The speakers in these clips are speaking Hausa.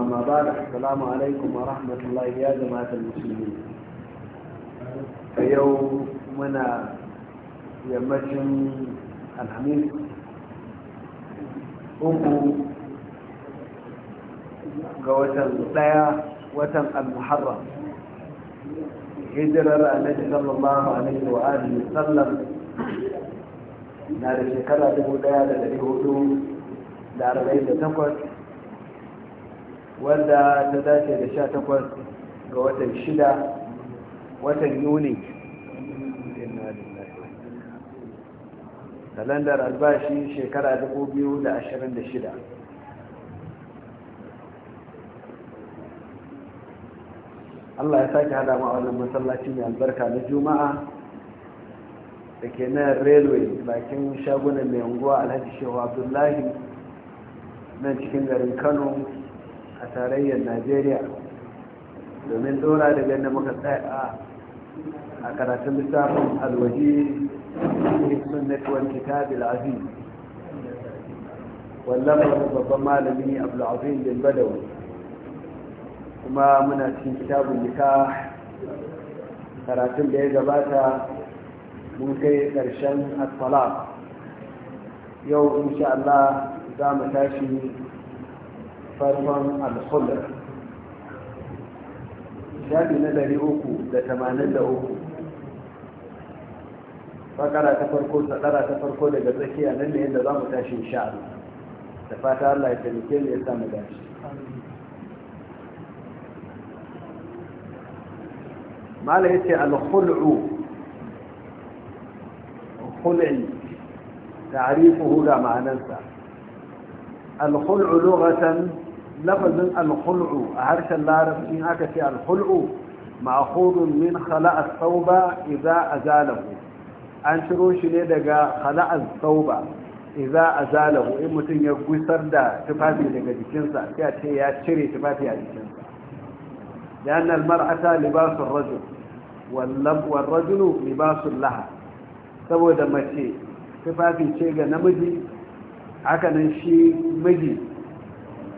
أما بعد السلام عليكم ورحمة الله يا جماعة المسلمين فيوم منا يمجن الحميد أبو قوة الضياء وتم المحرم hijirar annabi sallallahu alaihi wa alihi sallam na da shekara dubu daya da dari hudu da arba'in da takwas wanda ta dace da sha takwas ga watan shida watan yuni kalandar albashi shekara dubu biyu da da shida. Allah ya sake hada ma wannan masallaci mai albarka na juma'a da ke nan railway bakin shagunan mai unguwa alhaji shehu abdullahi nan cikin garin kano a tarayyar najeriya domin dora da yadda muka tsaya a karatun littafin alwaji sunnat wal kitab al wallafa babban malami abdul aziz bin badawi kuma muna cikin kitabun nika karatun da ya gabata mun kai karshen at yau insha Allah za mu tashi farkon alkhulur shafi na dari uku da tamanin da uku fakara ta farko sadara ta farko daga tsakiya nan ne yadda za mu tashi sha'ar da fata Allah ya taimake mu ya samu dashi mala yace al-khul'u khul'i ta'rifuhu da ma'anarsa al-khul'u lafazin alhul'u a harshen larabci in aka ce alhul'u ma'khudun min khala'a sauba idza azalahu an ciro shi ne daga khala'a sauba idza azalahu in mutum ya gusar da tufafi daga jikinsa sai a ce ya cire tufafi a jikinsa لأن المرأة لباس الرجل والرجل لباس laha. saboda mace tufafi ce ga namiji hakanan shi miji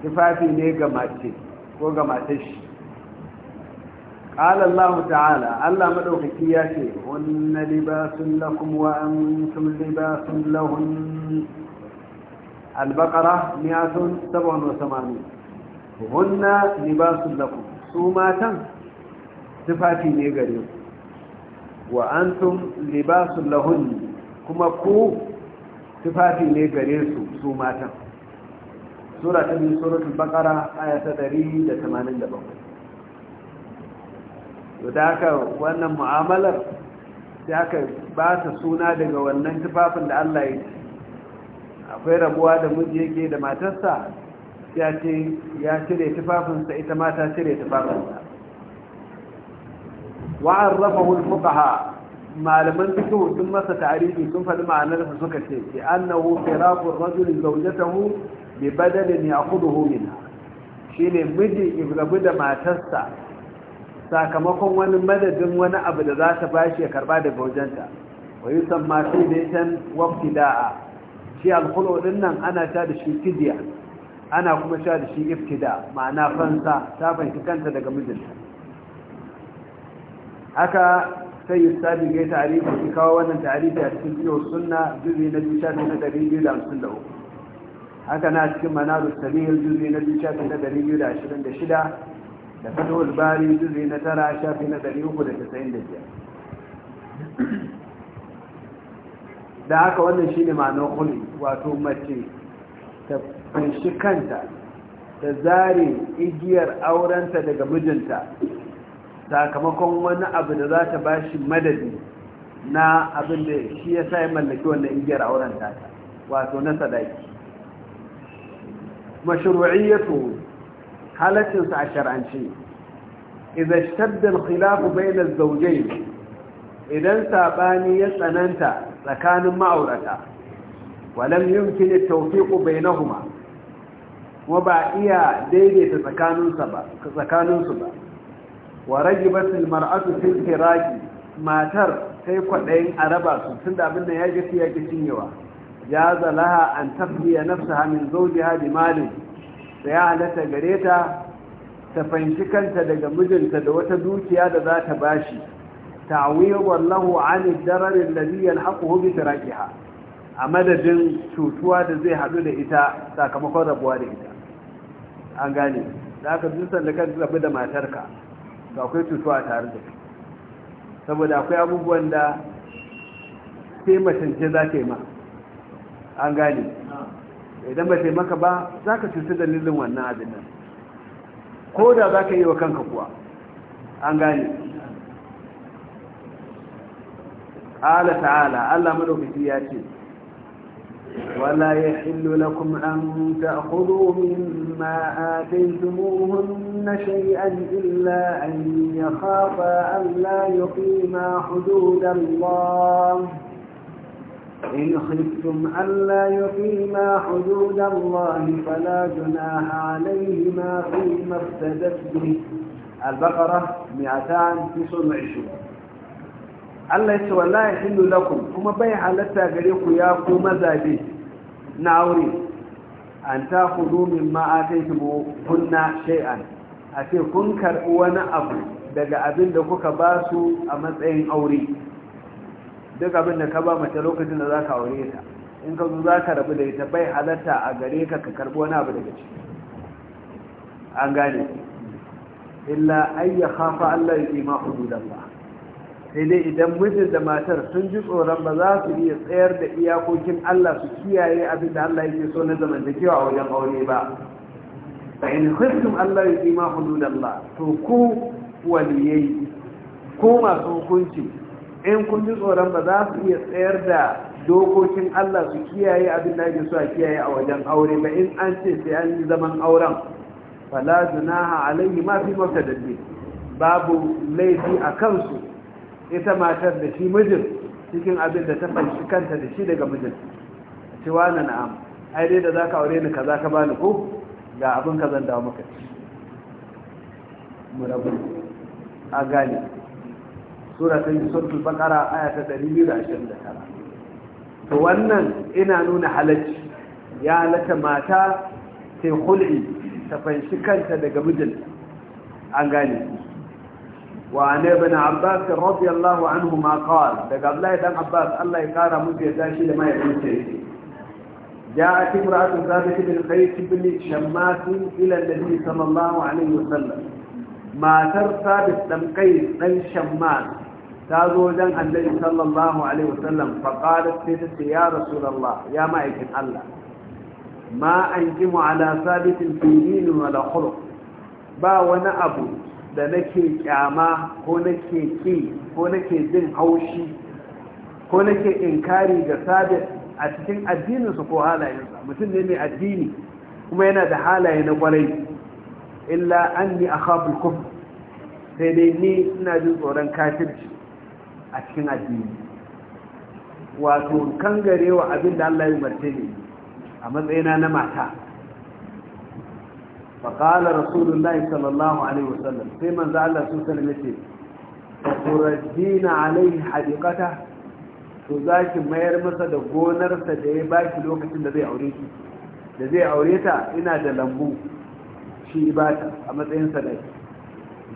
tufafi ne ga mace ko ga mata shi Ƙala lahu ta'ala allah maɗaukaki ya ce wani libasun lakum wa an sun libasun lahun albakara miyasun saboda samanu wani libasun lakum su matan tufafi ne gare wa an sun libasun lahun kuma ku tufafi ne gare su su matan sura ta biyu suratul baqara aya ta 187 to da haka wannan mu'amalar sai aka ba ta suna daga wannan tufafin da Allah ya akwai rabuwa da miji yake da matarsa ya ce ya cire tufafinsa ita ma ta cire tufafinsa wa'arrafahu al-fuqaha malaman fiqh sun masa tarihi sun faɗi ma'anarsa suka ce annahu firaqu ar-rajuli zawjatahu bi badalin ya kudu minha shi ne miji Ibrahim da matarsa sakamakon wani madadin wani abu da za ta bashi ya karba daga wajenta wani yi san masu daitan wafi da'a shi alkulo din nan ana sha da shi kidiya ana kuma sha da shi iftida ma'ana fansa ta fanki kanta daga mijinta haka sai yi sabi gai tarihi kawo wannan tarihi a cikin biyo suna juzi na haka na cikin manaru sabihar juzi na biyu shafi na dari biyu da ashirin da shida da bari juzi na tara shafi na 395 uku da da biyar da haka wannan shi ne ma'anar kuli wato mace ta fanshi kanta ta zare igiyar aurenta daga mijinta sakamakon wani abu da za ta ba shi madadi na abin da shi ya sa mallaki wannan igiyar aurenta wato na sadaki mashru'iyyatu halaccin sa a shar'anci Idan ishtadda khilafu bayna az idan saɓani ya tsananta tsakanin ma'aurata walam yumkin at-tawfiq bainahuma wa ba iya daidaita tsakaninsu ba tsakanin ba wa rajibat al-mar'atu fil firaqi matar sai kwadayin araba su tunda abin yaji ya gaci ya cinyewa jaza laha an tafiya nafsaha min zawjiha bi malin da ya halatta gare ta ta fanshi kanta daga mijinta da wata dukiya da za ta bashi ta'widan lahu an ad-darar alladhi yalhaquhu bi tarakiha a madadin cutuwa da zai hadu da ita sakamakon rabuwa da ita an gane Za ka dusan da kan rabu da matarka ga akwai cutuwa tare da saboda akwai abubuwan da sai mace za ta yi ma an gane idan ba sai maka ba za ka da dalilin wannan abinan ko da za ka yi wa kanka kuwa an gane ala ta'ala allah maɗaukaki ya ce wala ya illu lakum an ta hudu min ma'afin tumuhun na shari'an illa an ya kafa an la yi ma إن خفتم ألا يقيما حدود الله فلا جناح عليهما فيما افتدت به البقرة 229 الله يسوى لا يحل لكم كما بيع لتا غريق ياكو ماذا به نعوري أن تأخذوا مما آتيتم هنا شيئا أتي كنكر وانا أبو دقى أبن لكوك باسو أمزعين أوري duk abin da ka ba mace lokacin da za ka aure ta in ka zo za ka rabu da ita bai halarta a gare ka ka karbo wani abu daga ciki an gane illa ayya khafa Allah ya ima hududan ba sai dai idan mijin da matar sun ji tsoron ba za su iya tsayar da iyakokin Allah su kiyaye abin da Allah yake so na zamantakewa a wajen aure ba fa in khiftum Allah ya ima hududan ba to ku waliyai ko masu hukunci in kun ji tsoron ba za su iya tsayar da dokokin Allah su kiyaye abin da ake so a kiyaye a wajen aure ba in an ce sai an yi zaman auren fala zinaha alaihi ma fi mabtadadi babu laifi a kansu ita matar da shi mijin cikin abin da ta fanshi kanta da shi daga mijin cewa na na'am ai dai da za ka aure ni kaza ka bani ko ga abin ka zan dawo maka ci mu rabu a gane sura ta yi surtul bakara aya ta 229 to wannan ina nuna halacci ya halatta mata ta hul'i ta fanshi kanta daga mijin an gane wa an ibn abbas radiyallahu anhu ma qala daga abdullahi dan abbas Allah ya kara musu ya shi da mai yace جاءت امرأة ثابت بن قيس بن شماس إلى النبي صلى الله عليه وسلم ما Matar, sabis, بن kai, بن شماس ta zo wajen annabi sallallahu alaihi wasallam faƙarar sai ta ce ya rasulallah ya ma'aikin Allah ma an kimu ala sabitin filinin wala khuluq ba wani abu da nake kyama ko nake ki ko nake jin haushi ko nake inkari ga sabit a cikin addininsa ko halayensa mutum ne mai addini kuma yana da halaye na kwarai illa anni akhafu kufr sai dai ni ina jin tsoron kafirci a cikin addini wato kangare wa abin da Allah ya umarce ne a matsayina na mata faƙala rasulullahi sallallahu alaihi wasallam sai manzo Allah su sallame ce turajina alaihi hadiqata to zaki mayar masa da gonarsa da ya baki lokacin da zai aureta, ina da lambu shi ibata a matsayin sadaki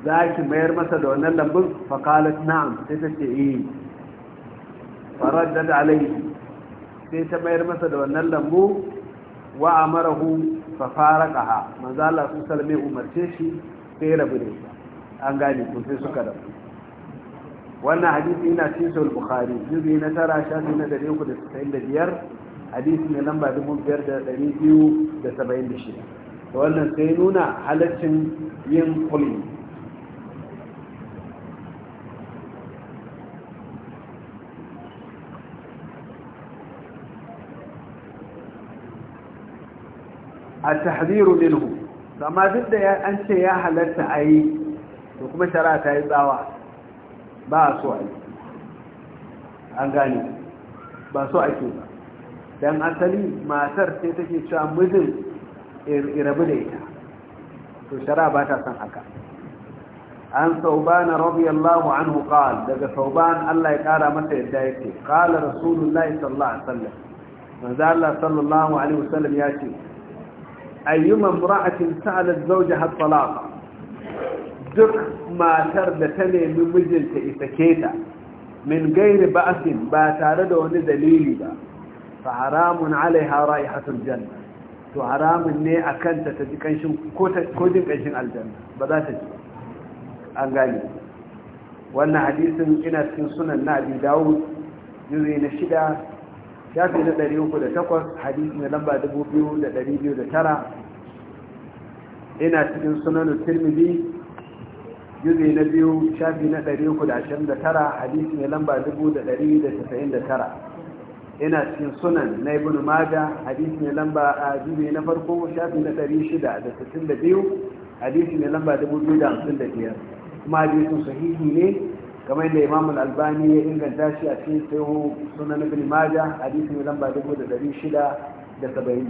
za ki mayar masa da wannan lambun faƙalat na'am sai ta ce yi eh. Farar da alaihi sai ta mayar masa da wannan lambu wa ka fa faraqaha manzo Allah su salme umarce shi sai rabu da an gane ko sai suka rabu wannan hadisi yana cin sau bukhari juzu na tara shafi na uku da da biyar. hadisi ne lamba biyar da da biyu saba'in da shida wannan sai nuna halaccin yin kulmi a tahziru minhu amma duk da an ce ya halarta a yi da kuma shari'a ta yi tsawa ba a so a yi an gane ba so ke ba don asali matar sai take cewa mijin irabu da ita to shari'a ba ta san haka an sauban radiyallahu an qala daga sauban Allah ya kara masa yadda yake qala rasulullahi sallallahu alaihi wasallam manzo Allah sallallahu alaihi wasallam ya ce ayyuma mura'atin sa'alat zawjaha talaqa duk matar da ta nemi mijinta isake ta min gairi ba'sin ba tare da wani dalili ba fa haramun alaiha raihatul janna to haramun ne akan ta ji ko jin kanshin aljanna ba za ta ji an gane wannan hadisin ina cikin sunan na abi dawud juzi na shida shafi na 308 hadisi na lamba 2209 ina cikin sunan turmidi yuzi na biyu shafi na 329 hadisi na lamba tara. ina cikin sunan na ibn maja hadisi na lamba a jibi na farko shafi na 662 hadisi na lamba 2055 kuma hadisin sahihi ne kamar yadda imam al-albani ya inganta shi a cikin sahihu sunan ibn majah hadisi ne lamba 6672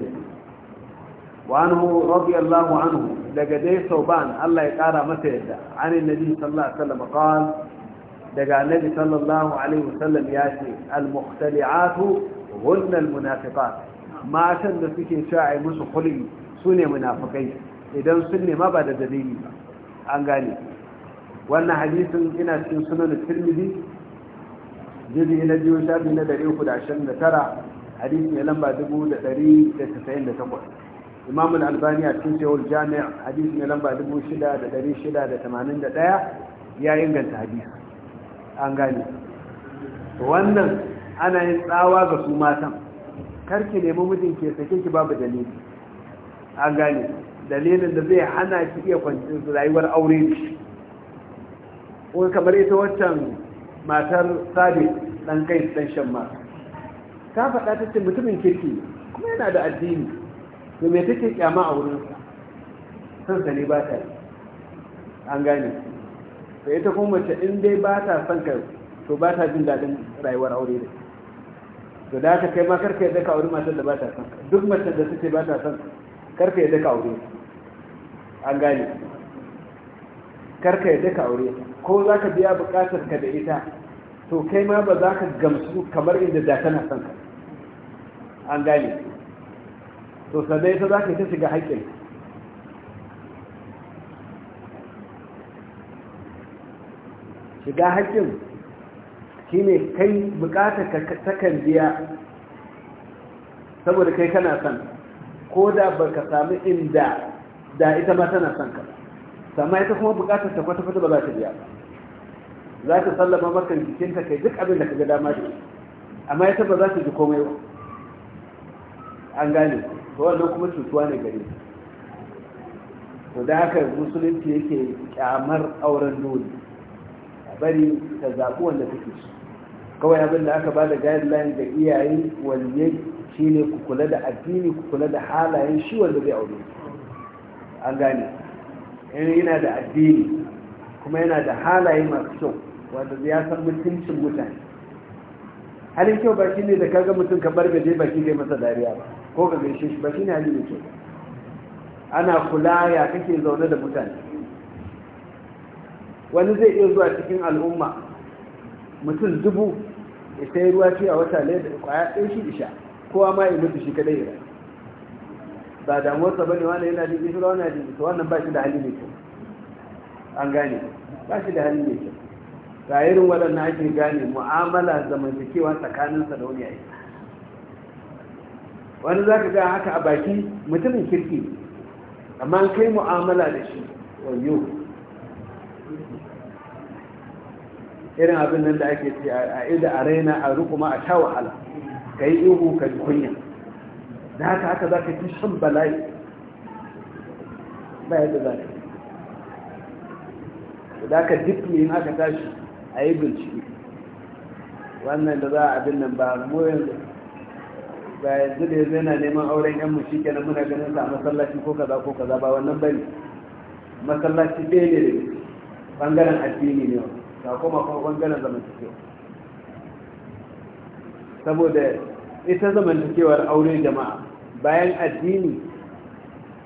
wa anhu radiyallahu anhu daga dai sauban Allah ya kara masa yadda an annabi sallallahu alaihi wasallam qal daga annabi sallallahu alaihi wasallam ya ce al-mukhtali'atu hunna al-munafiqat matan da suke sha'i musu khulli sune munafikai idan sun ma ba da dalili ba an gane wannan hadisin ina cikin sunan tirmidhi jibi na biyu shafi na ɗari uku da ashirin da tara hadisi mai lamba dubu da ɗari da tasa'in da takwas imam al-albani a cikin shehul jami'a hadisi mai lamba dubu shida da ɗari shida da tamanin da ɗaya ya inganta hadisi an gane wannan ana yin tsawa ga su matan karki nemi mijin ke sake ki babu dalili an gane dalilin da zai hana ki iya rayuwar aure da Kuma kamar ita waccan matar sabit dan kai dan shamma ta faɗa ta ce mutumin kirki kuma yana da addini to me take kyama a wurin san Sani ba ta an gane to ita kuma mace in dai ba ta son ka to ba ta jin daɗin rayuwar aure da to da ka kai ma karka yadda ka aure matar da ba ta san duk matar da suke ba ta son karka yadda ka aure an gane karka yadda ka aure ko za ka biya bukatar ka da ita to kai ma ba za ka gamsu kamar inda da tana son ka an gane to sadai ita za ka ta shiga haƙƙin shiga haƙƙin shi ne kai bukatar ka takan biya saboda kai kana son ko da ba ka sami inda da ita ma tana son ka sama ita kuma bukatar ta kwata-kwata ba za ta biya ba za ta sallama maka jikinta kai duk abin da ka ga dama da amma ya ba za ta ji komai ba an gane to wannan kuma cutuwa ne gare to da haka musulunci yake kyamar auren dole a bari ta zaɓi wanda take so kawai abin da aka ba da guideline ga iyaye shi ne ku kula da addini ku kula da halayen shi wanda zai aure an gane yana da addini kuma yana da halaye masu kyau wanda ya san mutuncin mutane halin kyau ba shi ne da kaga mutum ka bar gaje ba shi ne masa dariya ba ko ga gaishe shi ba shi ne hali da kyau ana kula ya kake zaune da mutane wani zai iya zuwa cikin al'umma mutum dubu ya sai ruwa ce a wata ne da kwaya ɗaya shi isha kowa ma ya mutu shi kadai ya ba damuwar ba ne wani yana jin isra wani yana jin isra wannan ba shi da hali da kyau an gane ba shi da hali da kyau ga irin waɗanda ake gane mu'amala zamantakewa tsakaninsa da wani wani za ka ga haka a baki mutumin kirki amma kai mu'amala da shi wayo irin abin nan da ake ce a ida a raina a rukuma a sha wahala ka yi ihu ka kunya da haka haka za ka fi shan bala'i ba yadda za ka da haka duk ne aka tashi a yi bincike wannan da za a abin nan ba mu yanzu ba yanzu da yanzu yana neman auren yan mu shi kenan muna ganin sa a masallaci ko kaza ko kaza ba wannan bane masallaci ɗaya ne da bangaren addini ne ba kuma kuma bangaren zamantakewa saboda ita zamantakewar aure jama'a bayan addini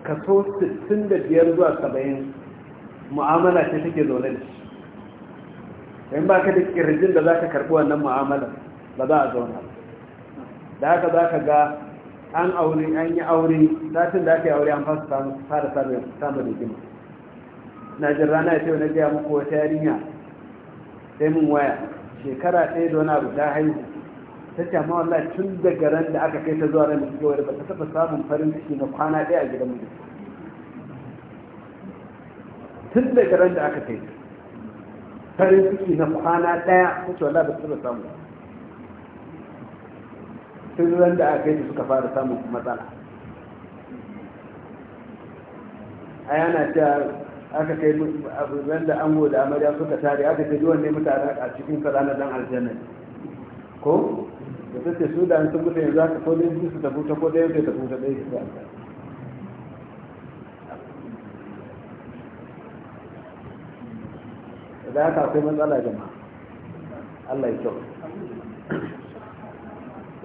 kaso 65 zuwa 70 mu'amala ce take zaune da shi in ba ka da kirjin da za ka karɓi wannan mu'amalar ba za a zauna da haka za ka ga an aure an yi aure satin da aka yi aure an fasa fara samun rigima na jin rana ya ce na gaya muku wata yarinya sai mun waya shekara ɗaya da wani abu ta haihu ta ce amma wallahi tun daga ran da aka kai ta zuwa ran da suke wani ba ta taɓa samun farin ciki na kwana ɗaya a gidan mu tun daga ran da aka kai ta farin ciki na kwana daya ta ce wala ba su samu sun ran da aka yi suka fara samun matsala a yana ta aka kai ran da an da amarya suka tare aka ce duwan ne tare a cikin ranar dan aljanna ko da ta ce su da an sun mutane za ka kodin su ta buta ko ɗaya ta buta ɗaya ta aljanna da haka akwai matsala jama'a Allah ya kyau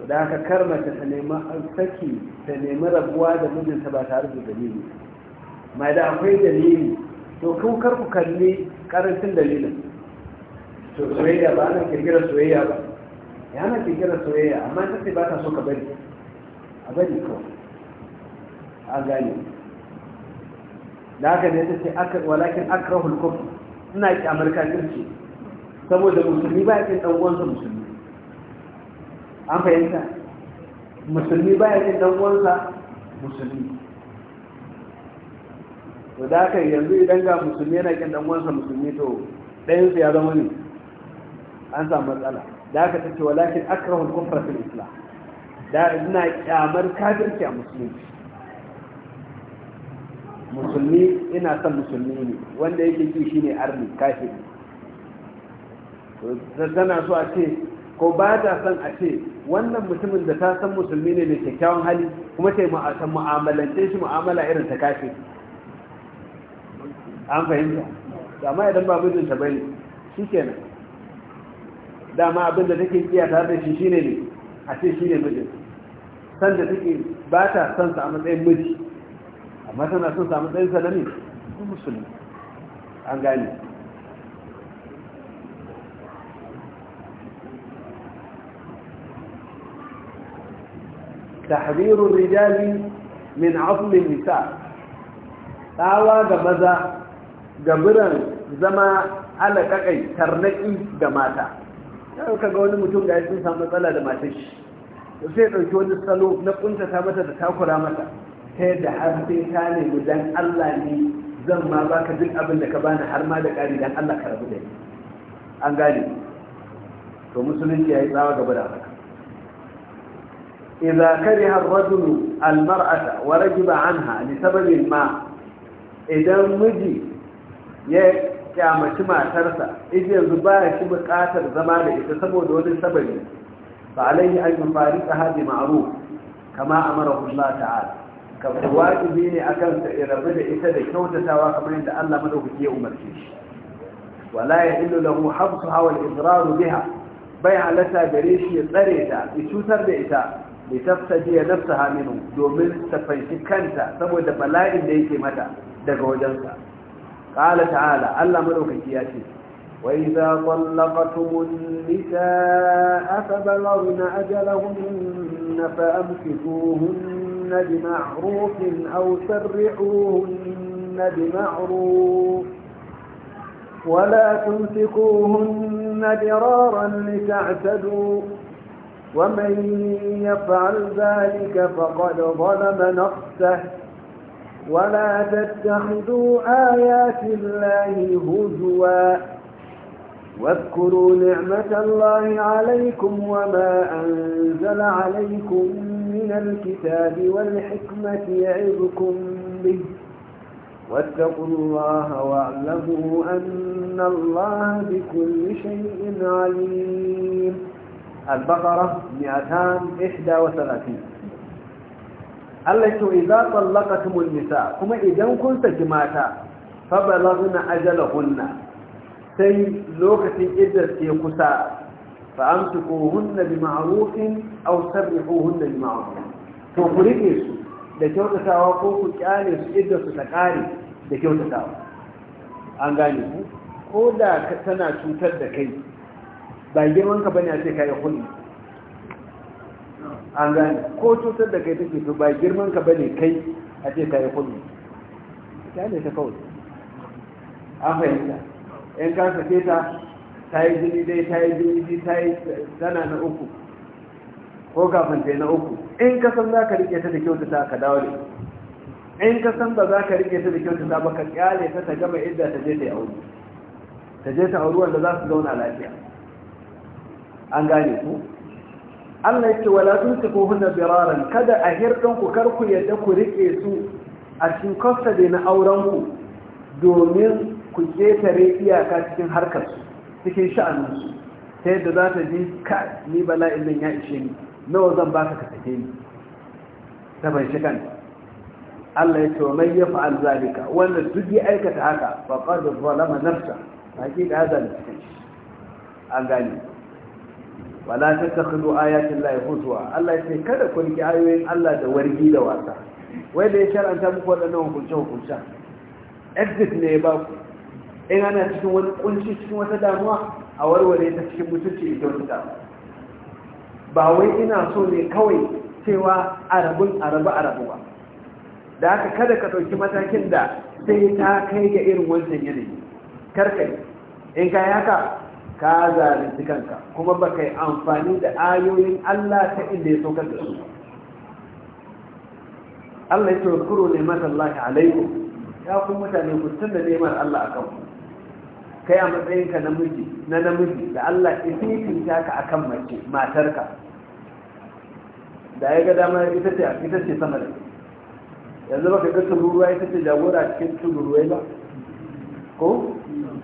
da haka kar ta ta nemi saki ta nemi rabuwa da mijinta ba tare da dalili mai da akwai dalili to kun kar ku kalli karancin dalilin to soyayya ba ana kirkira soyayya ba ya ana kirkira soyayya amma ta ce ba ta so ka bari a bari kawai a gane da haka ne ta ce walakin akrahul kufr suna amurka kafirci saboda musulmi ba ya cin ɗan uwansa musulmi an fahimta musulmi ba ya cin ɗan uwansa musulmi to da haka yanzu idan ga musulmi yana kin dan uwansa musulmi to ɗayansu ya zama ne an samu matsala da haka tace walakin akrahu kufra fil islam da ina kyamar kafirci a musulunci musulmi ina son musulmi ne wanda yake shi ne arni kafin to tana so a ce ko ba ta son a ce wannan mutumin da ta san musulmi ne mai kyakkyawan hali kuma ta yi mu'amalance shi mu'amala irin ta kafin an fahimta amma idan ba ta bane shi kenan dama abin da take kiya tare da shi shine ne a ce shine mijin san da take ba ta son sa a matsayin miji amma tana son samu tsayin salami na musulmi an gane تحذير الرجال من tsawa النساء maza ga غمرا زما على tarnaƙi ترنقي mata. yau kaga wani mutum da ya sun samu matsala da matashi sai ya ɗauki wani salo na ƙunta ta mata da takura mata Sai da har sai ka nemi dan Allah ne zan ma baka duk abin da ka bani har ma da ƙari dan Allah ka rabu da ni an gane to musulunci yayi tsawa gaba da haka idza kariha ar-rajulu al-mar'ata wa rajiba anha li sababin ma idan miji ya kyamaci matarsa idan yanzu ba shi bukatar zama da ita saboda wani sababi fa alaihi an yufarika hadi ma'ruf kama amara Allah ta'ala kamar wajibi ne a kansa ya rabu da ita da kyautatawa kamar yadda Allah madaukaki ya umarce shi wala ya illu lahu habsu hawa al biha bai halatta gare shi ya tsare ta ya cutar da ita li tafsadi ya nafsaha minhu domin ta fanshi kanta saboda bala'in da yake mata daga wajensa qala ta'ala Allah madaukaki ya ce وإذا طلقتم النساء فبلغن أجلهن فأمسكوهن فاسروهن بمعروف أو سرحوهن بمعروف ولا تمسكوهن ضرارا لتعتدوا ومن يفعل ذلك فقد ظلم نفسه ولا تتخذوا آيات الله هزوا واذكروا نعمة الله عليكم وما أنزل عليكم من الكتاب والحكمة يعظكم به واتقوا الله واعلموا أن الله بكل شيء عليم البقرة 231 الله إذا طلقتم النساء كما إذا كنت جماتا فبلغنا أجلهن سي لوقت إذا سيكسا فأمسكوهن بمعروف أو سرحوهن بمعروف تقرئي su da kyautatawa ko ku kyale su idda su ta da kyautatawa an gane ku ko da tana cutar da kai ba girman ka bane a ce kai huli an gane ko cutar da kai take to ba girman ka bane kai a ce ka kai huli kyale ta kawai an fahimta in ka sake ta ta yi jini dai ta yi jini dai, ta yi tana na uku ko kafin ta yi na uku in ka san za ka rike ta da kyautata ka dawo in ka san ba za ka rike ta da kyautata ba ka kyale ta ta gama idda ta je ta yi aure ta je ta auri wanda za su zauna lafiya an gane ku Allah yake wala ko hunna biraran kada a hirdan ku kar ku yadda ku rike su a cikin kasta na auren ku domin ku ketare iyaka cikin harkar su cikin su ta yadda za ta ji ka ni bala'in nan ya ishe ni nawa zan ba ka sake ni ta ban shi kan Allah ya ce wa mai ya fa'al zalika wanda duk ya aikata haka fa qad zalama nafsa hakika hada ne cikin shi an gane wala tattakhidu ayatin lahi huzwa Allah ya ce kada ku riki ayoyin Allah da wargi da wasa wai da ya shara'anta muku waɗannan hukunce hukunce exit ne ya ba ku in ana cikin wani kunci cikin wata damuwa a warware ta cikin mutunci ita wata ba wai ina so ne kawai cewa arabun arabu arabu ba da haka kada ka ɗauki matakin da sai ta kai ga irin wancan yanayi karkai in ka haka ka zalunci kanka kuma ba ka yi amfani da ayoyin Allah ta inda ya saukar da su Allah ya ce wa kuro ne mata alaikum ya kuma mutane ku da neman Allah a kanku kai a matsayinka namiji na namiji da Allah ififita ka akan mace matarka da ya ga dama ita ce ita ce sama da yanzu baka ga ruwa, ita ce jagora cikin ruwa ba ko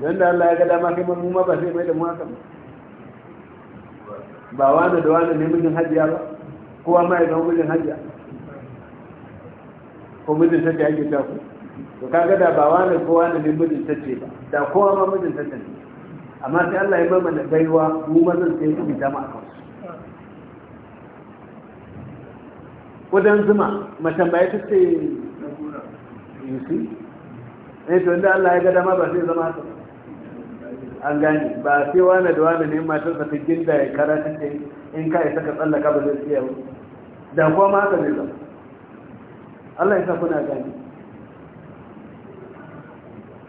yanda Allah ya ga dama kai mu ma ba sai mai da mu haka ba wani da wani ne mijin hajiya ba kowa ma ya zama mijin hajiya ko mijin ta ake ta ku to kaga da ba wani ko wani ne mijin tace ba da kowa ma mijin tace ne amma sai Allah ya bar mana baiwa mu zan sai su bita a akan wajen zuma matambaye ta ce yusi eh to inda Allah ya ga dama ba sai zama haka an gane ba sai wani da wani ne matar ta cikin da ya kara ta ce in ka isa ka tsallaka ba zai tsaya da kuma ma haka zai zama Allah ya sa kuna gani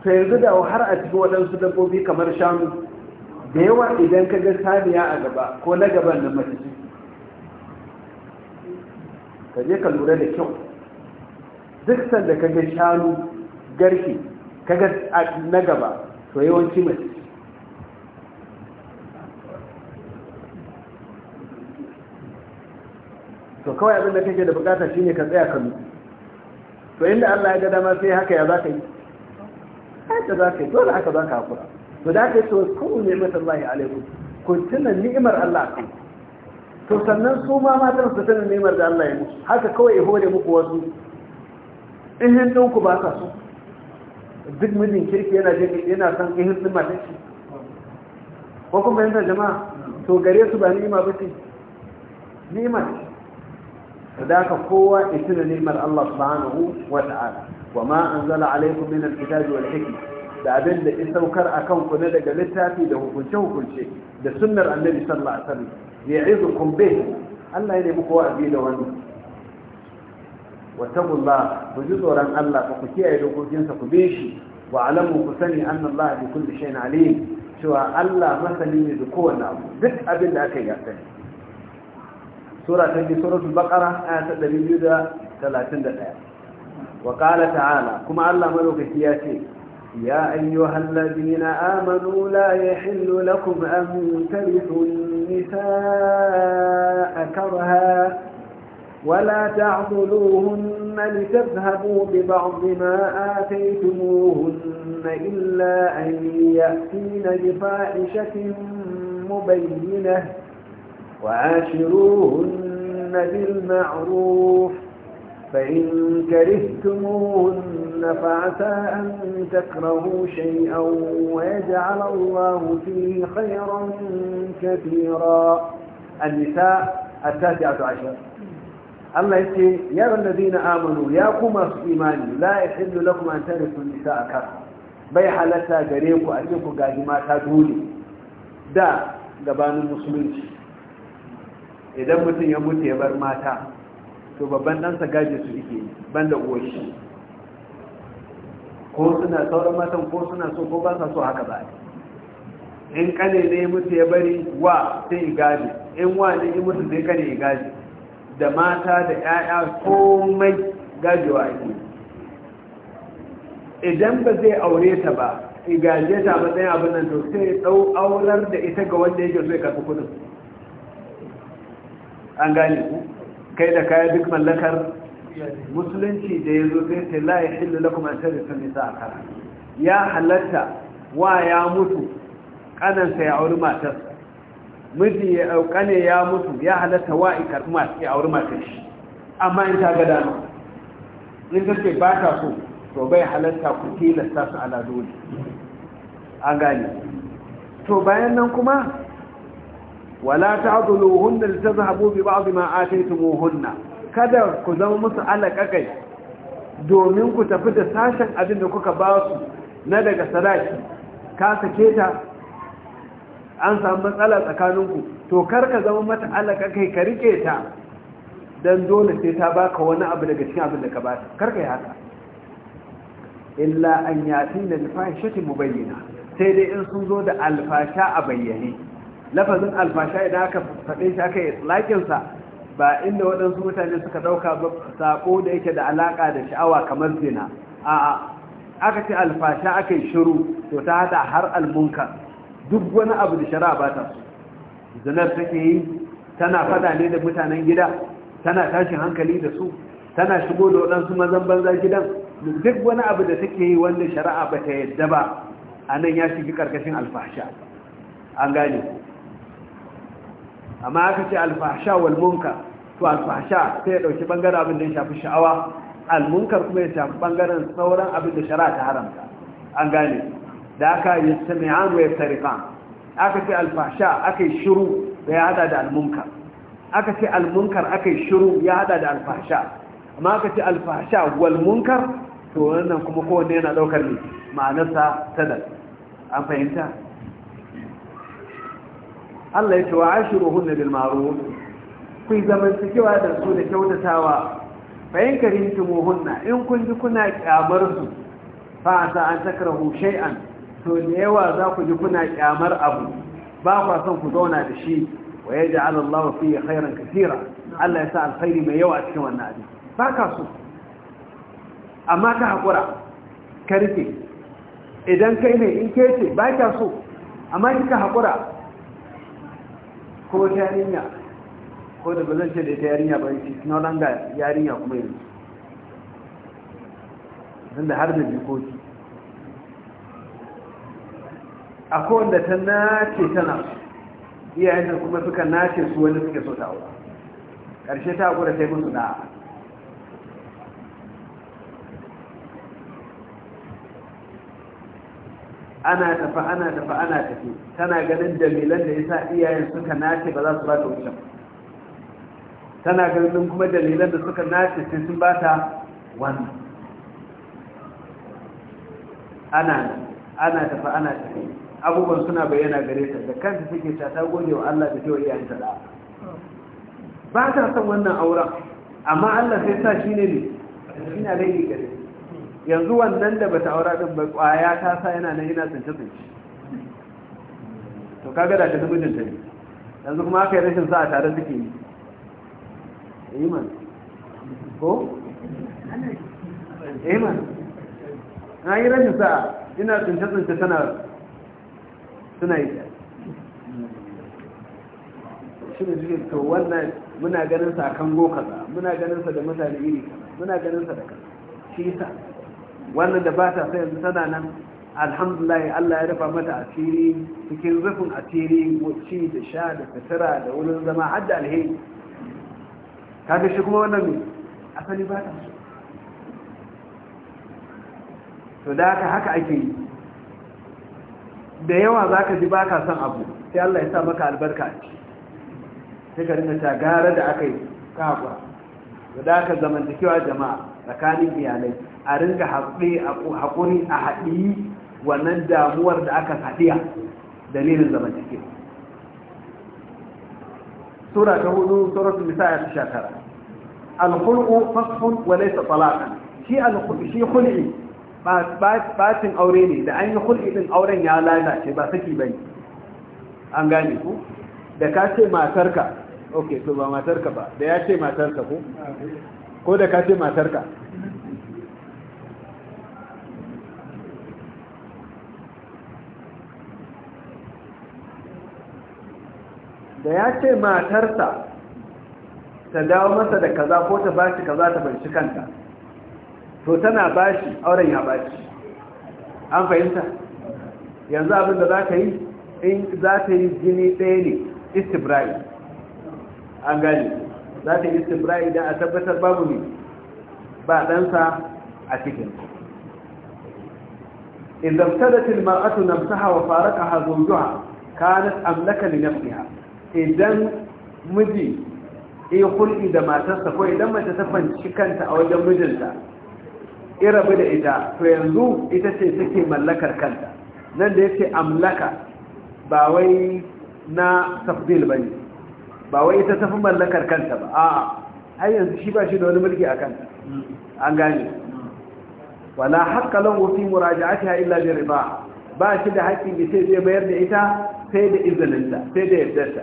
to yanzu da har a cikin waɗansu dabbobi kamar shanu da yawa idan ka ga saniya a gaba ko na gaban na mace ka je ka lura da kyau duk sanda ka ga shanu garke ka ga na gaba to yawanci mace to kawai abin da kake da bukata shine ka tsaya ka to inda Allah ya ga dama sai haka ya za ka yi haka za ka yi dole aka za ka hakura to da aka ce ku ne mata Allah alaikum ku tuna ni'imar Allah ku to sannan su ma matan su tuna ni'imar da Allah ya musu haka kawai ya hore muku wasu ihin ɗinku ba ka so duk mijin kirki yana jin yana son ihin ɗin matan shi ko kuma yanzu jama'a to gare su ba ni'ima ba ce ni'ima ce da ka kowa ya tuna ni'imar Allah subhanahu wa ta'ala wa ma anzala alaikum min alkitabi wal hikma da abin da ya saukar akan ku ne daga littafi da hukunce hukunce da sunnar annabi sallallahu alaihi wasallam ya'izukum bih Allah ya nemi kowa abi da wani. wa taqullah ku ji tsoron Allah ku kiyaye dokokinsa ku bi shi wa alamu ku sani anna Allah bi kulli shay'in alim cewa Allah masani ne da kowanne abu duk abin da aka yi a sani sura ta bi suratul baqara ayat 231 وقال تعالى كما الله ملوك سياتي يا أيها الذين آمنوا لا يحل لكم أن ترثوا النساء كرها ولا تعضلوهن لتذهبوا ببعض ما آتيتموهن إلا أن يأتين بفاحشة مبينة وعاشروهن بالمعروف فإن كرهتموهن فعسى أن تكرهوا شيئا ويجعل الله فيه خيرا كثيرا النساء التاسعة عشر الله يقول يا الذين آمنوا يا قوم إيمان لا يحل لكم أن ترثوا النساء كرها بيح halatta gare ku قادما تدولي ku قبان المسلمين إذا da يموت يبر ماتا to babban ɗansa gaje su yake ban da uwar shi ko suna sauran matan ko suna so ko ba sa so haka ba in kane ne mutu ya bari wa sai gaje in wa ne in mutu sai kane ya gaje da mata da 'ya'ya komai gajewa ake idan ba zai aure ta ba igaje ta matsayin abin nan to sai ɗau aurar da ita ga wanda yake so ya karɓi kudin an gane ku kai da kaya duk mallakar musulunci da ya zo sai ce la ya hillu lakum an tarisu a akara ya halatta wa ya mutu kanansa ya auri matar miji ya aukane ya mutu ya halatta wa ikar ya auri matar shi amma in ta ga dama in ta ce ba ta so to bai halatta ku tilasta su ala dole an gane to bayan nan kuma wala ta'dhuluhunna litazhabu bi ba'd ma ataytumuhunna kada ku zama musu kai domin ku tafi da sashen abin da kuka ba su na daga sadaki ka sake ta an samu matsala tsakaninku to kar ka zama mata kai ka rike ta dan dole sai ta baka wani abu daga cikin abin da ka bata kar ka yi haka illa an yatina bi mubayyana sai dai in sun zo da alfasha a bayyane lafazin alfasha idan aka faɗe shi aka yi laƙinsa ba inda waɗansu mutane suka ɗauka ba saƙo da yake da alaƙa da sha'awa kamar zina a aka ce alfasha aka yi shiru to ta haɗa har almunka duk wani abu da shari'a ba ta su zinar take yi tana faɗa ne da mutanen gida tana tashin hankali da su tana shigo da waɗansu mazan banza gidan duk wani abu da take yi wanda shari'a ba ta yadda ba a nan ya shigi ƙarƙashin alfasha an gane amma aka ce alfahsha wal munkar to alfahsha sai ya dauki bangaren abin da ya shafi sha'awa almunkar kuma ya shafi bangaren sauran abin da shari'a ta haramta an gane da aka yi sami'an wa yasarifan aka ce alfahsha aka yi shiru da ya hada da almunkar aka ce almunkar aka yi shiru ya hada da alfahsha amma aka ce alfahsha wal munkar to wannan kuma kowanne yana daukar ne ma'anarsa ta da an fahimta Allah ya ce wa ashiruhunna bil ma'ruf ku zaman cikewa da su da kyautatawa fa in karimtumuhunna in kun ji kuna kyamar su fa sa an takrahu shay'an to ne yawa za ku ji kuna kyamar abu ba kwa son ku zauna da shi wa yaj'al Allah fi khairan kaseera Allah ya sa alkhairi mai yawa a cikin wannan abin ba ka so amma ka haƙura ka rufe idan kai ne in ke ce ba ka so amma kika haƙura ko ta yarinya ko da ba zan ce da ita yarinya ba shi na langa yarinya kuma yanzu Zan da har da jikoki a kowanda ta nace tana iyayen kuma suka nace su wani suke so ta wuwa ƙarshe ta haƙura sai musu da'a ana tafi ana tafi ana tafi tana ganin dalilan da yasa iyayen suka nace ba za su ba ta wucin tana ganin kuma dalilan da suka nace sai sun ba ta wannan ana ana tafi ana tafi abubuwan suna bayyana gare ta da kanta take ta ta gode wa Allah da cewa iyayen ta da ba ta san wannan auren amma Allah sai sa shine ne shine alai gare yanzu wannan da bata aura din ba kwaya ta sa yana nan yana tsince tsince to kaga da ta namijin ta ne yanzu kuma aka yi rashin sa a tare suke yi yi eh, ko yi eh, na yi rashin sa ina tsince tsince tana suna yi shi ne jirgin to wannan muna ganin sa kan go kaza muna ganin sa da mutane iri kaza muna ganin sa da kaza shi sa. wannan da ba ta sai yanzu tana nan alhamdulillah Allah ya rufa mata asiri cikin rufin asiri ci da sha da fitira da wurin zama har da alheri fi shi kuma wannan ne asali ba ta so to da haka haka ake yi da yawa za ka ji ba ka son abu sai Allah ya sa maka albarka a ciki sai ka rinka tagara da aka yi kafa da haka zamantakewa jama'a tsakanin iyalai a ringa haƙuri a haɗi wannan damuwar da aka haɗiya dalilin cikin sura ta hudu suratul misaya ta sha tara alkhulqu fasfun wa laysa talaqan shi alkhulqi shi khulqi batin aure ne da an yi kulki din auren ya lalace ba saki bai. an gane ku da ka ce matarka okay to ba matarka ba da ya ce matarka ku? ko da ka ce matarka da ya ce matarsa ta dawo masa da kaza ko ta bashi kaza ta banci kanta to tana bashi auren ya bashi an fahimta yanzu abin da za ka yi in za ta yi jini ɗaya ne istibrai an gani za ta yi istibrai idan a tabbatar babu ne ba ɗansa a cikin In da tadatin na namsaha wa faraqaha zuwa kanat amlaka na nafsiha idan miji iya hulɗi da matarsa ko idan mace ta fanci kanta a wajen mijinta irabu da ita to yanzu ita ce take mallakar kanta nan da ya ce amlaka ba wai na tafdil ba ne ba wai ita tafi mallakar kanta ba A'a, har yanzu shi ba shi da wani mulki a kanta an gane wala haƙƙa lahu fi muraja'atiha illa bi riba ba shi da haƙƙin sai zai bayar da ita sai da izininta sai da yardarta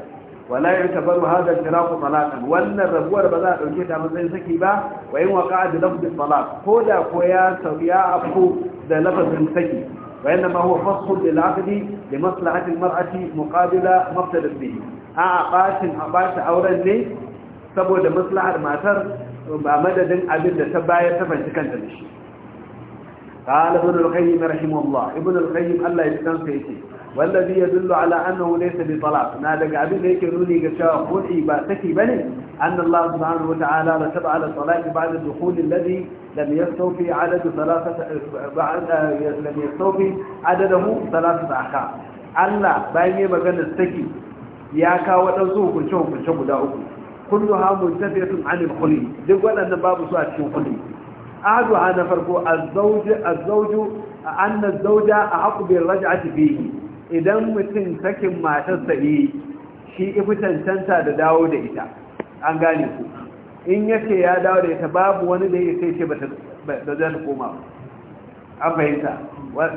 wala ya ta baru hada firaku talaqan wannan rabuwar ba za a ɗauke ta matsayin saki ba wa yin waqa'a da lafzi talaq ko da ko ya sauya afko da lafazin saki wa inna ma huwa fasl da aqdi li maslahati al mar'ati muqabila mafsadat bihi a aqatin abata auren ne saboda maslahar matar ba madadin abin da ta bayar ta fanci kanta da shi قال ابن القيم رحمه الله ابن القيم الله يستنفيه wallazi yadullu ala annahu laysa bi talaq na daga abin da yake nuni ga cewa khul'i ba saki bane anna Allah subhanahu wata'ala rataba ala talaq ba'da dukhul alladhi lam yastawfi adad thalathata ba'da lam yastawfi adadahu thalathata ahkam Allah bayan yayin maganar saki ya kawo wadansu hukunce hukunce guda uku kulluha muntafi'atun 'anil khul'i duk wadannan babu su a cikin khul'i ahadu na farko az-zawj az-zawj anna az-zawja ahqqu bil raj'ati fihi idan mutum sakin matarsa yi shi ifi cancanta da dawo da ita an gane ku in yake ya dawo da ita babu wani da ya sai ce ba za ta koma an fahimta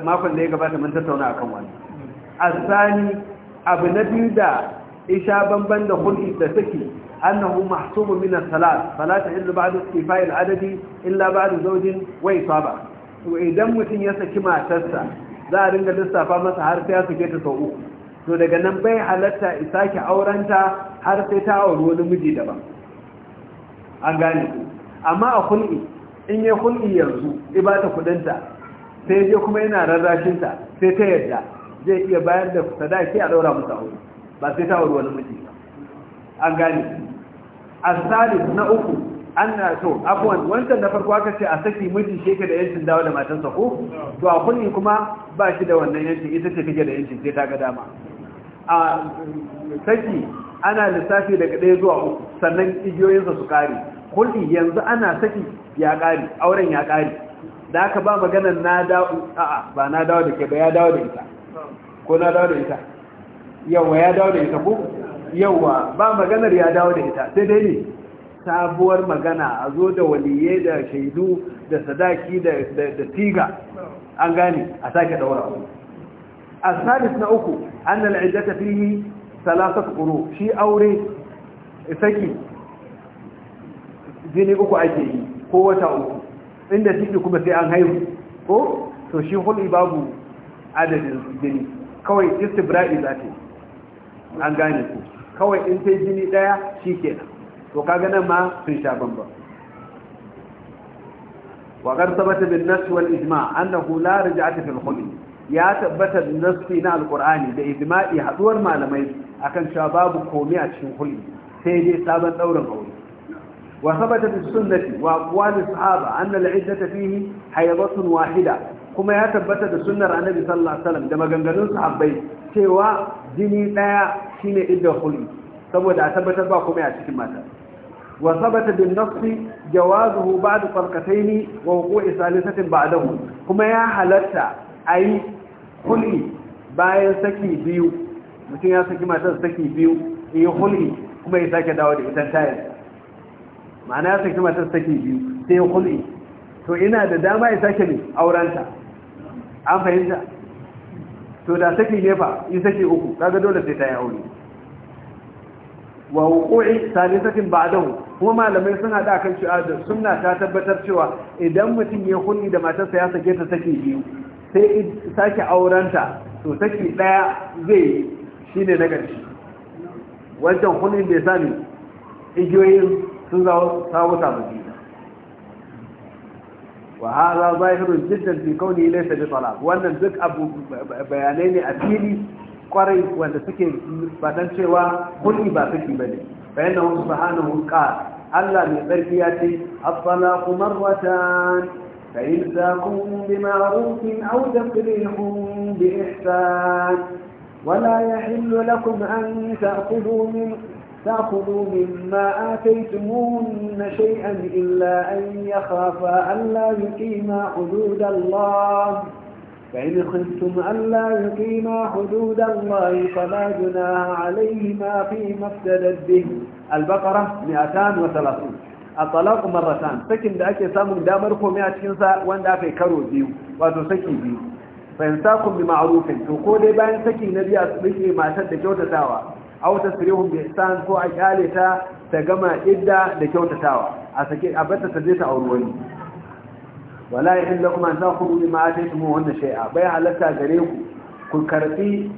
makon da ya gabata mun tattauna a kan wani Sani, abu na biyu da isha banban da hulɗi da suke annahu mahsubu min as-salat fala tahillu ba'da adadi illa ba'da zawjin wa isaba to idan mutum ya saki matarsa za a dinga lissafa masa har sai ya suke ta sau uku to daga nan bai halatta isa ki aurenta har sai ta auri wani miji daban an gane ku amma a hulɗi in ya hulɗi yanzu ibata kudinta sai je kuma yana rarrashinta sai ta yadda zai iya bayar da sadaki a daura musu aure ba sai ta auri wani miji ba an gane ku asali na uku anna to afwan wancan na farko aka ce a saki mijin sheka da yancin dawo da matansa ko to a kulli kuma ba shi da wannan yancin ita ce take da yancin sai ta ga dama a saki ana lissafi daga ɗaya zuwa uku sannan igiyoyinsa su kare kulli yanzu ana saki ya kare auren ya kare da aka ba maganar na dawo a'a ba na dawo da ke ba ya dawo da ita ko na dawo da ita yawa ya dawo da ita ko yawa ba maganar ya dawo da ita sai dai ne sabuwar magana a zo da waliye da shaidu da sadaki da tiga an gane a sake daura a sadis na uku an al'iddata fihi salasat kuro shi aure saki jini uku ake yi ko wata uku inda ciki kuma sai an haihu ko to shi huli babu adadin jini kawai istibra'i za ta an gane ku kawai in ta jini daya shi kenan to kaga nan ma sun sha bamban wa gartabata bin nasu wal ijma annahu la rajata fil ya tabbatar bin nasu na al qur'ani da ijma'i haduwar malamai akan cewa babu komai a cikin khulm sai dai sabon ɗaurin aure wa sabata bis sunnati wa aqwal sahaba anna al iddata fihi hayadatun wahida kuma ya tabbatar da sunnar annabi sallallahu alaihi wasallam da maganganun sahabbai cewa jini daya shine iddatul khulm saboda a tabbatar ba komai a cikin mata وثبت بالنص جوازه بعد فرقتين ووقوع ثالثة بعده كما يا حلتا أي خلقي bayan saki biyu mutum ya saki matar saki biyu in hul'i kuma ya sake dawo da ita tayar ma'ana ya saki matar saki biyu sai ya hul'i to ina da dama ya sake ne aurenta an fahimta to da saki ne fa in saki uku kaga dole sai ta yi aure wa wuku'i salisatin ba'dahu kuma malamai sun hada kan cewa da sunna ta tabbatar cewa idan mutum ya kunni da matarsa ya sake ta sake biyu sai sake aurenta to sake daya zai shine na ƙarshe wannan kunnin da ya sami igiyoyin sun zawo ta biyu wa hadha zahirun jiddan fi kauni laysa bi talaq wannan duk abu bayanai ne a fili kwarai wanda suke fadan cewa kulli ba saki bane fa inna subhanahu qala Allah mai tsarki ya ce as-salaqu marratan fa in saqum bi ma'rufin aw taqrihum bi ihsan ولا يحل لكم أن تأخذوا من تأخذوا مما آتيتمون شيئا إلا أن يخافا ألا يقيما حدود الله فإن خفتم ألا يقيما حدود الله فلا جناه عليهما فيما افتدت به البقرة 230 الطلاق مرتان سكن دعك سامو دامر كومي أتكنسا وان دافي كارو ديو واتو سكي ديو فإن ساكم بمعروف تقول بان سكي نبي أصبحي ما تد جوتا تاوى أو تسريهم بإحسان فوعي آلتا تقمى إدى لكوتا تاوى أبتا سديتا أولوين wala ya inda kuma za ku rubi ma ta tumu wannan shai'a bai halatta gare ku ku karbi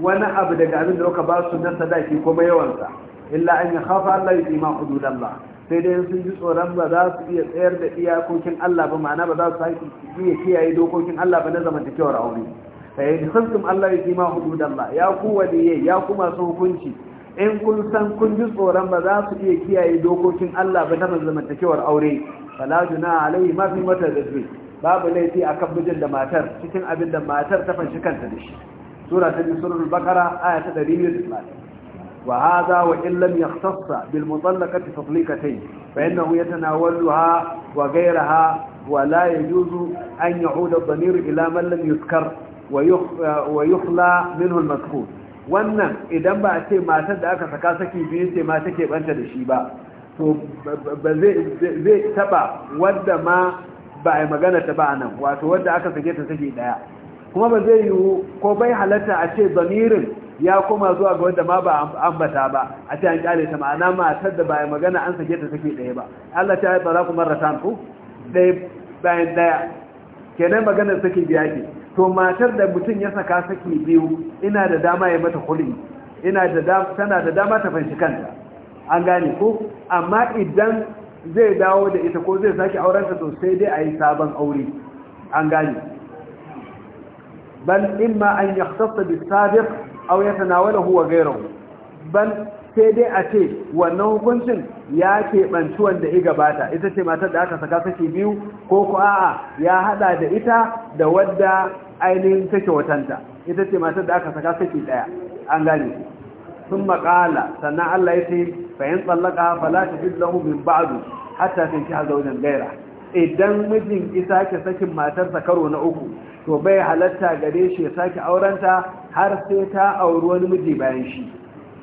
wani abu daga abin da kuka ba su na sadaki kuma yawansa illa an ya khafa Allah ya ima hududallah sai dai sun ji tsoron ba za su iya tsayar da iyakokin Allah ba ma'ana ba za su iya kiyaye dokokin Allah ba na zamantakewar aure sai da sunkum Allah ya ima hududallah ya ku wani waliye ya ku masu hukunci in kun san kun ji tsoron ba za su iya kiyaye dokokin Allah ba ta zamantakewar aure fala juna alaihi ma fi mata zazzabi babu laifi a kan mijin da matar cikin abin da matar ta fanshi kanta da shi sura ta surul bakara aya ta 130 wa hadha wa in lam yakhtassa bil mutallaqati tatliqatayn fa innahu yatanawaluha wa ghayraha wa la yajuzu an ya'uda ad-damir ila man lam yuzkar wa yukhla minhu al wannan idan ba a ce matar da aka saka saki biyu ce ma take banta da shi ba to ba zai taba wadda ma ba a magana ta ba nan wato wadda aka sake ta sake daya kuma ba zai yiwu ko bai halatta a ce zamirin ya koma zuwa ga wadda ma ba ambata ba a ce an kyale ta ma'ana matar da ba a magana an sake ta sake daya ba Allah ta yi tsara ku rasa ku ɗaya bayan daya kenan magana sake biya ke to matar da mutum ya saka sake biyu ina da dama ya mata kulli ina da dama tana da dama ta fanshi kanta an gane ko amma idan zai dawo da ita ko zai sake aurenta to sai dai ayi yi sabon aure an gane ban imma an yakhtassa bis sabiq aw tanawala huwa ghayruhu Ban sai dai a ce wannan hukuncin ya keɓanci wanda ya gabata ita ce matar da aka saka saki biyu ko ku a'a ya hada da ita da wadda ainihin take watanta ita ce matar da aka saka saki ɗaya an gane sun maƙala sannan allah ya ce fayin tsallaka fala ta jid lahu min ba'adu hatta ta shi hazaunin gaira idan mijin ki ke sakin matarsa karo na uku to bai halatta gare shi ya sake aurenta har sai ta auri wani miji bayan shi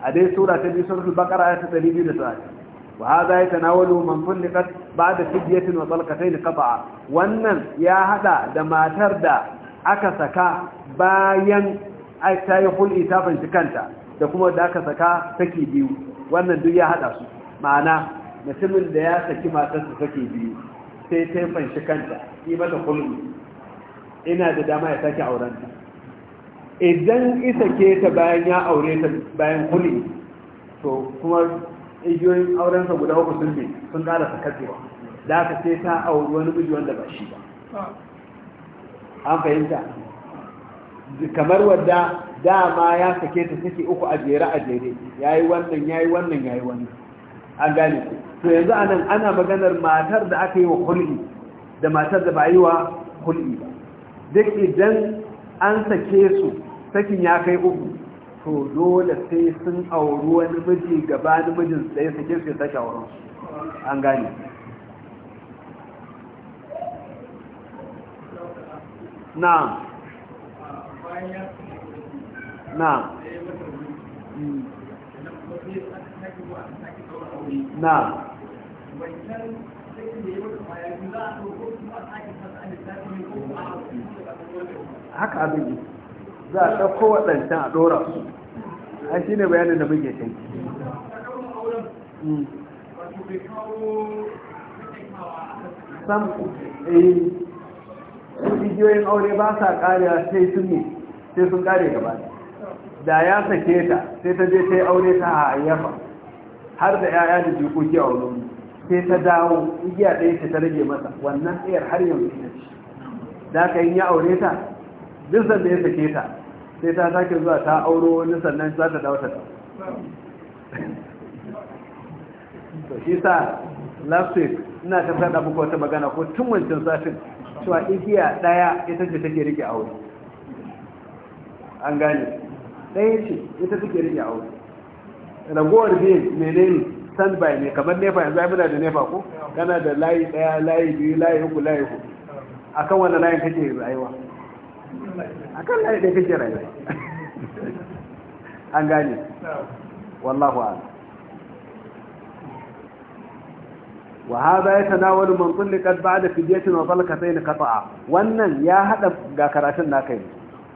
a dai sura ta biyu suratul baqara ta 230 وهذا يتناوله من طلقت بعد فدية وطلقتين kafa. wannan ya hada da matar da aka saka bayan ta yi hulɗi ta fanci kanta da kuma da aka saka take biyu wannan duk ya haɗa su ma'ana mutumin da ya saki matarsa take biyu sai ta fanshi kanta yi mata kulmi ina da dama ya sake aurenta idan isa ke ta bayan ya aure ta bayan kulmi to kuma igiyoyin aurensa guda uku sun ne sun kara sakatsewa da aka sai ta auri wani miji wanda ba shi ba ah. an fahimta kamar wadda dama ya sake ta sake uku a jere a jere ya yi wannan ya yi wannan ya yi wannan an gane to yanzu a nan ana maganar matar da aka yi wa kul'i da matar da ba yi wa kul'i ba duk idan an sake su sakin ya kai uku to dole sai sun auri wani miji gaba ni mijin sai sake su ya sake auren an gane na'am haka abin za a ɗauko waɗancan a ɗora su ne bayanin da muke hmm. sam eh ƙungiyoyin aure ba sa ƙariya sai sun ne sai sun kare gaba da ya sake ta sai ta je ta yi aure ta a hayyafa har da 'ya'ya da jikoki a wurin sai ta dawo igiya ɗaya ce ta rage masa wannan tsayar har yanzu ita ce da aka yi ya aure ta duk sanda ya sake ta sai ta sake zuwa ta auro wani sannan za ta dawo ta ta. to shi sa last week ina ta faɗa muku wata magana ko tun wancan satin cewa igiya ɗaya ita ce take rike aure an gane ɗaya ce ita suke rike aure ragowar biyan menene stand by ne kamar nefa yanzu ai da nefa ko kana da layi ɗaya, layi biyu layi uku layi uku akan wani layin kake rayuwa akan layi ɗaya kake rayuwa an gane wallahu a'lam وهذا يتناول من طلقت بعد فديه وطلقتين قطعا talqatayn يا wannan ya hada ga karatun na kai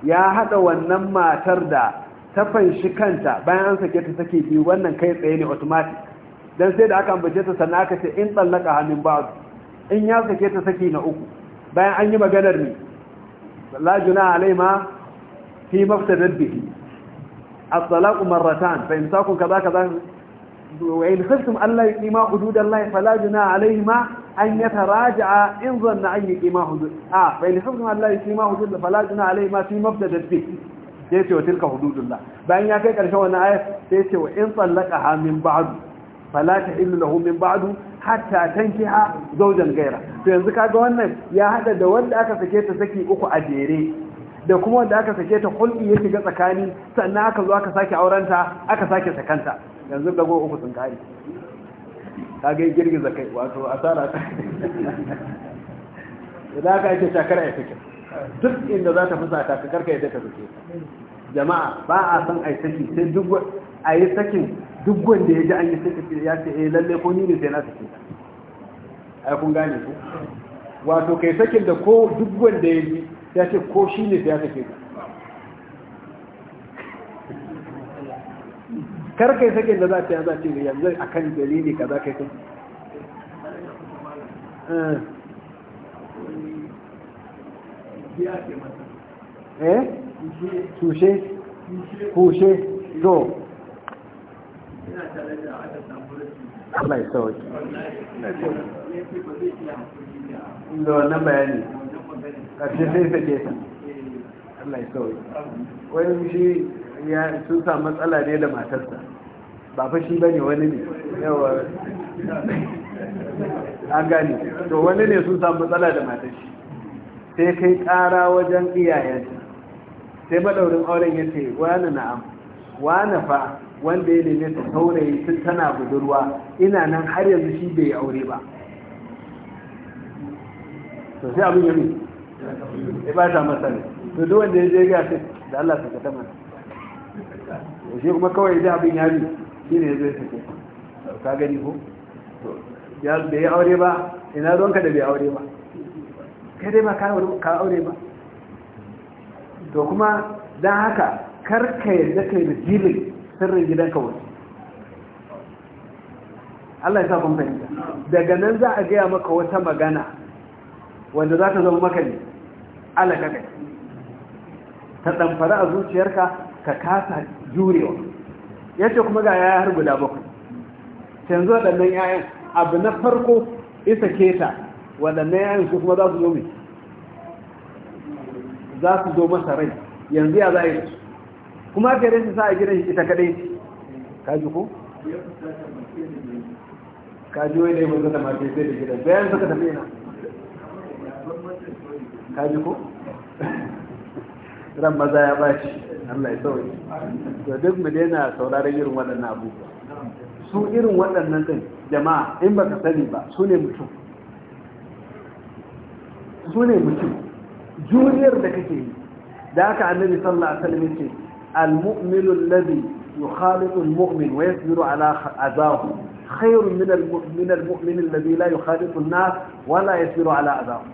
ya haɗa wannan matar da ta fanshi kanta bayan an sake ta sake biyu wannan kai tsaye ne automatic dan sai da aka ambace ta sannan aka ce in tsallaka hannun su in ya sake ta sake na uku bayan an yi maganar ne la juna alaima fi mafsadat bihi at-talaqu marratan fa imsakun kaza kaza wa in khiftum alla yuqima hudud allahi fala juna alaihima أن يتراجع إن ظن أن يقيما حدود آه فإن حفظ الله يقيما حدود فلا جنى عليه ما في مبتدت به يتي وتلك حدود الله بأن يكيك لشوى النآية يتي وإن طلقها من بعد فلا تحل له من بعد حتى تنكح زوجا غيره فينزل كاجا wannan ya hada da wanda aka sake ta saki uku a jere da kuma wanda aka sake ta hulki ya shiga tsakani sannan aka zo aka sake aurenta aka sake sakanta yanzu dago uku sun kare ka yi girgiza kai wato asara ta da aka yake shakar a fikir duk inda za ta fi saka ka karka yadda ta zuke jama'a ba a san a yi saki sai a yi sakin duk wanda ya ji an yi saki ya ce eh lalle ko ni ne sai na saki a kun gane ku wato kai sakin da ko duk wanda ya ji ya ce ko shi ne sai ya sake ka kar yi sakin da za ta za ce yanzu akan dalili kaza kai ka eh, eh? tushe zo Allah sauki da wannan sauki wani shi sun samu matsala ne da matarsa ba fa shi bane wani ne yawa an gane to wani ne sun samu matsala da matarsa sai kai ƙara wajen iyayensa sai madaurin auren ya ce wani na'am wani fa wanda ya neme ta saurayi tun tana budurwa ina nan har yanzu shi bai aure ba to sai abin yami ya ba ta masana to duk wanda ya je ga sai da Allah ta ka ta mana shi kuma kawai da abin yari shi ne zai sake ka gani ko ya bai aure ba ina ka da bai aure ba kai dai ba ka aure ba to kuma don haka karka yadda kai da jirin sirrin gidan kawai Allah ya sa kun fahimta daga nan za a gaya maka wata magana wanda za ta zama maka ne alaka kai ta ɗamfara a zuciyarka ka kasa jurewa ya ce kuma ga yaya har guda bakwai yanzu waɗannan yayan abu na farko isa keta waɗannan yayan su kuma za su zo mai za su zo masa rai yanzu ya za a yi kuma ka yi sa a gina shi ita kaɗai ji ko? kaji wai da yi mulka da mafi sai da gida bayan suka tafi yana Ka ji ko? ran maza ya ba shi Allah ya sauke to duk mu daina sauraron irin waɗannan abubuwa su irin waɗannan din jama'a in baka sani ba su ne mutum su ne mutum juriyar da kake yi da aka annabi sallallahu alaihi wasallam yace al-mu'minu alladhi yukhalitu al-mu'min wa yasbiru ala azahu khayrun min al-mu'min alladhi la yukhalitu an-nas wa la yasbiru ala azahu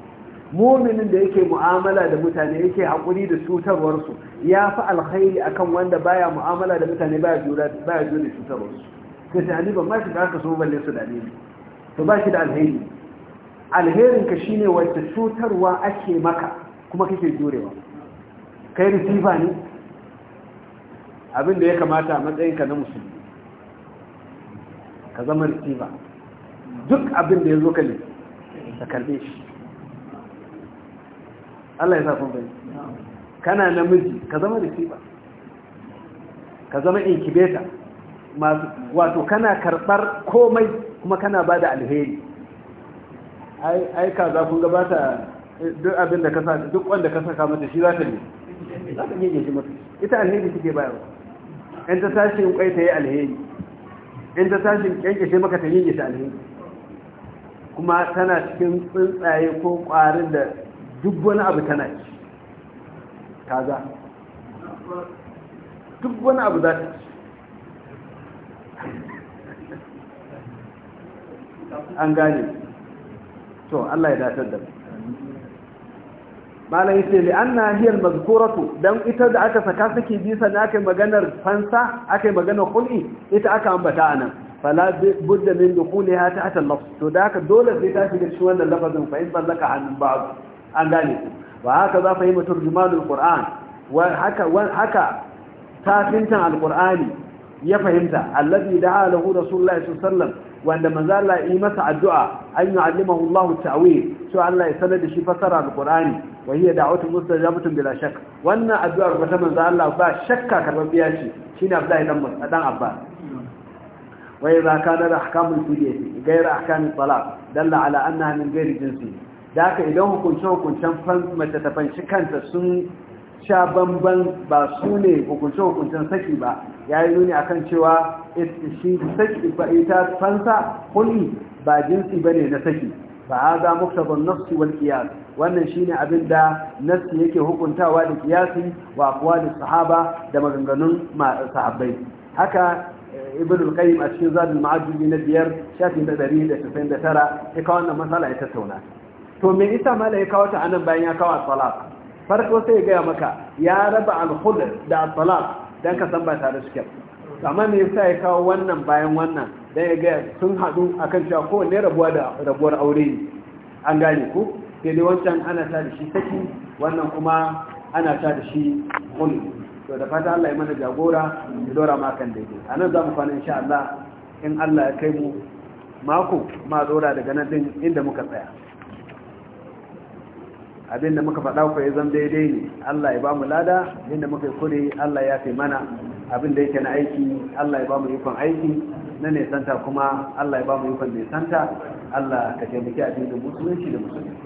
muminin da yake mu'amala da mutane yake haƙuri da cutarwarsu ya fi alkhairi kan wanda baya mu'amala da mutane baya jura baya jure cutarwarsu sai sai ba ma shi da ka so balle su da ne to ba shi da alheri Alherinka ka shine wacce cutarwa ake maka kuma kake jurewa kai receiver ne abin da ya kamata a matsayinka na musulmi ka zama receiver duk abin da ya zo ka ne ka karbe shi Allah ya sa kun bai kana namiji ka zama receiver ka zama incubator masu wato kana karbar komai kuma kana bada alheri ai ai ka za kun gabata duk abin da ka sa duk wanda ka saka mata shi za ta ne za ta yi shi mata ita alheri take bayarwa in ta tashi in kai ta yi alheri in ta tashi kyankyashe maka ta yi alheri kuma tana cikin tsuntsaye ko kwarin da duk wani abu tana ci kaza duk wani abu za ta ci an gane to Allah ya datar da malam sai li an na hiyar mazkuratu don ita da aka saka suke bisa na kai maganar fansa yi maganar kuli ita aka ambata nan fala budda min ya ta'ata ta lafsu to da aka dole sai ta shiga shi wannan lafazin fahimtar in hannun an an gane wa haka za fahimta turjumanul qur'an wa haka wa haka tafintan alqur'ani ya fahimta allazi da'a lahu rasulullahi sallallahu alaihi wasallam wanda manzo Allah yi masa addu'a an yu'allimahu Allahu ta'wil so Allah ya sanar da shi fasara alqur'ani wa hiya da'watun mutum bila shakk wannan addu'ar ta manzo Allah ba shakka karban biya shi shine Abdullahi dan Mas'ud dan Abbas wa idza kana ahkamul fidyati ghayra ahkamit talaq dalla ala annaha min ghairi jinsi da haka idan hukunce-hukuncen mace ta kanta sun sha bamban ba su ne hukunce-hukuncen saki ba ya yi nuni akan cewa shi saki ba ita fansa kulli ba jinsi ba ne na saki ba a za muktabar nafsu wal kiyas wannan shine abin da nafsi yake hukuntawa da kiyasi wa kuwa da sahaba da maganganun sahabbai haka eh, ibn al-qayyim a cikin zadul ma'ajiji na biyar shafin da 199 ita wannan matsala ya tattauna to me isa mala ya kawo anan bayan ya kawo salat farko sai ya gaya maka ya raba al-khul da salat dan ka san ba tare suke amma me yasa ya kawo wannan bayan wannan dan ya gaya sun hadu akan cewa ko ne rabuwa da rabuwar aure ne an gane ku sai dai wancan ana ta da shi saki wannan kuma ana ta da shi khul to da fata Allah ya mana jagora ya dora kan daidai a nan za mu kwana insha Allah in Allah ya kai mu mako ma dora daga nan din inda muka tsaya abinda muka faɗa ku ya zama daidai ne Allah ya bamu lada inda muka yi kure Allah ya fi mana abinda yake na aiki Allah ya bamu ikon aiki na nesanta kuma Allah ya bamu ikon nesanta Allah ka taimaki addinin musulunci da musulunci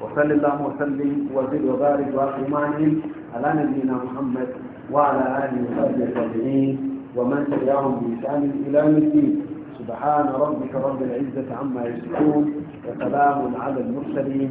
wa sallallahu wa sallim wa zid wa barik wa tumani ala nabiyyina Muhammad wa ala alihi wa sahbihi ajma'in wa man tabi'ahum bi ihsan ila yawm سبحان ربك رب العزة عما يصفون وسلام على المرسلين